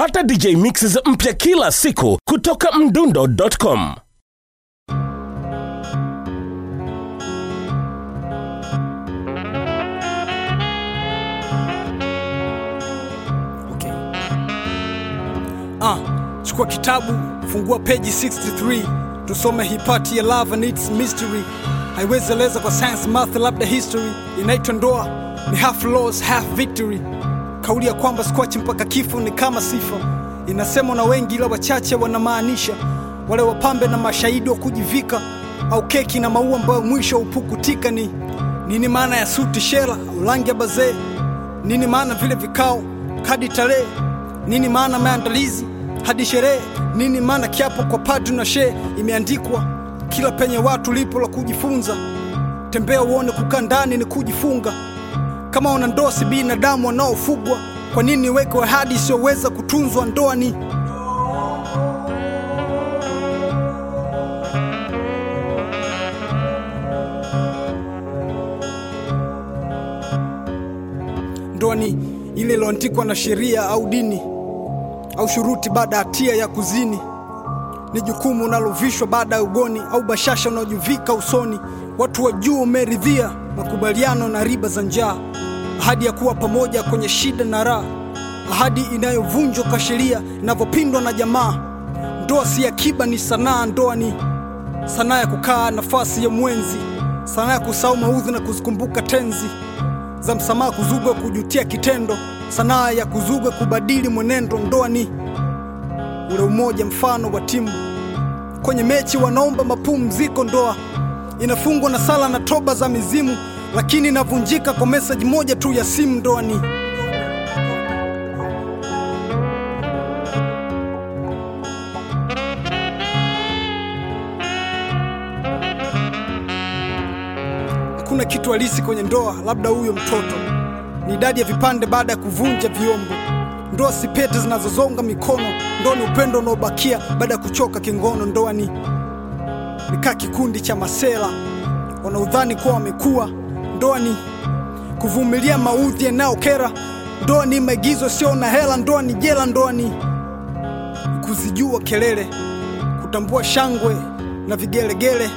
Pata DJ mixes mpya kila siku kutoka mdundo.com. Okay. Ah, chukua kitabu, fungua peji 63, tusome hipati ya love and its mystery. Haiwezi eleza kwa science, math, labda history. Inaitwa ndoa, ni half loss, half victory Kauli ya kwamba squash mpaka kifo ni kama sifa inasemwa na wengi, ila wachache wanamaanisha wale wapambe na mashahidi wa kujivika, au keki na maua ambayo mwisho upukutika Ni nini maana ya suti shela au rangi ya bazee? Nini maana vile vikao hadi tarehe? Nini maana maandalizi hadi sherehe? Nini maana kiapo kwa padri na shee Imeandikwa kila penye watu lipo la kujifunza. Tembea uone, kukaa ndani ni kujifunga. Kama una ndoa si binadamu wanaofugwa, kwa nini weke ahadi isiyoweza kutunzwa? Ndoa ni ndoa ni ile iliyoandikwa na sheria au dini au shuruti baada ya hatia ya kuzini. Ni jukumu unalovishwa baada ya ugoni au bashasha unaojivika usoni, watu wa juu umeridhia makubaliano na riba za njaa, ahadi ya kuwa pamoja kwenye shida na raha, ahadi inayovunjwa kwa sheria inavyopindwa na jamaa. Ndoa si akiba, ni sanaa. Ndoa ni sanaa ya kukaa nafasi ya mwenzi, sanaa ya kusahau maudhi na kuzikumbuka tenzi za msamaha, kuzugwa, kujutia kitendo, sanaa ya kuzugwa, kubadili mwenendo. Ndoa ni ule umoja, mfano wa timu kwenye mechi wanaomba mapumziko. Ndoa inafungwa na sala na toba za mizimu lakini navunjika kwa meseji moja tu ya simu ndoani. Hakuna kitu halisi kwenye ndoa, labda huyo mtoto ni idadi ya vipande baada ya kuvunja vyombo. Ndoa si pete zinazozonga mikono, ndoa ni upendo unaobakia baada ya kuchoka kingono. ndoani nikaa kikundi cha masela wanaodhani kuwa wamekuwa ndoa ni kuvumilia maudhi yanayokera. Ndoa ni maigizo, sio na hela. Ndoa ni jela, ndoa ni kuzijua kelele, kutambua shangwe na vigelegele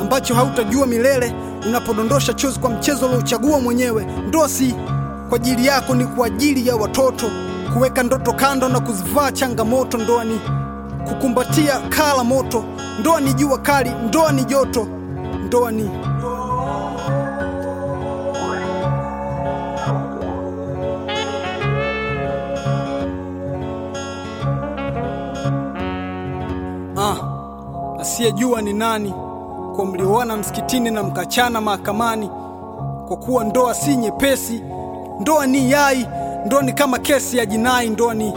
ambacho hautajua milele unapodondosha chozi kwa mchezo uliochagua mwenyewe. Ndoa si kwa ajili yako, ni kwa ajili ya watoto, kuweka ndoto kando na kuzivaa changamoto. Ndoa ni kukumbatia kala moto, ndoa ni jua kali, ndoa ni joto, ndoa ni asiyejua ni nani, kwa mlioana msikitini na mkachana mahakamani. Kwa kuwa ndoa si nyepesi, ndoa ni yai, ndoa ni kama kesi ya jinai, ndoa ni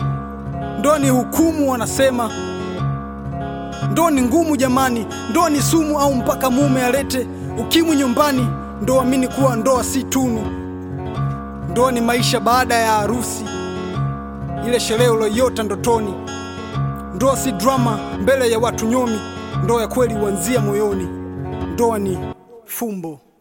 ndoa ni hukumu wanasema. Ndoa ni ngumu jamani, ndoa ni sumu, au mpaka mume alete ukimwi nyumbani. Ndoa amini kuwa ndoa si tunu, ndoa ni maisha baada ya harusi, ile sherehe uloiota ndotoni. Ndoa si drama mbele ya watu nyomi. Ndoa ya kweli huanzia moyoni. Ndoa ni fumbo.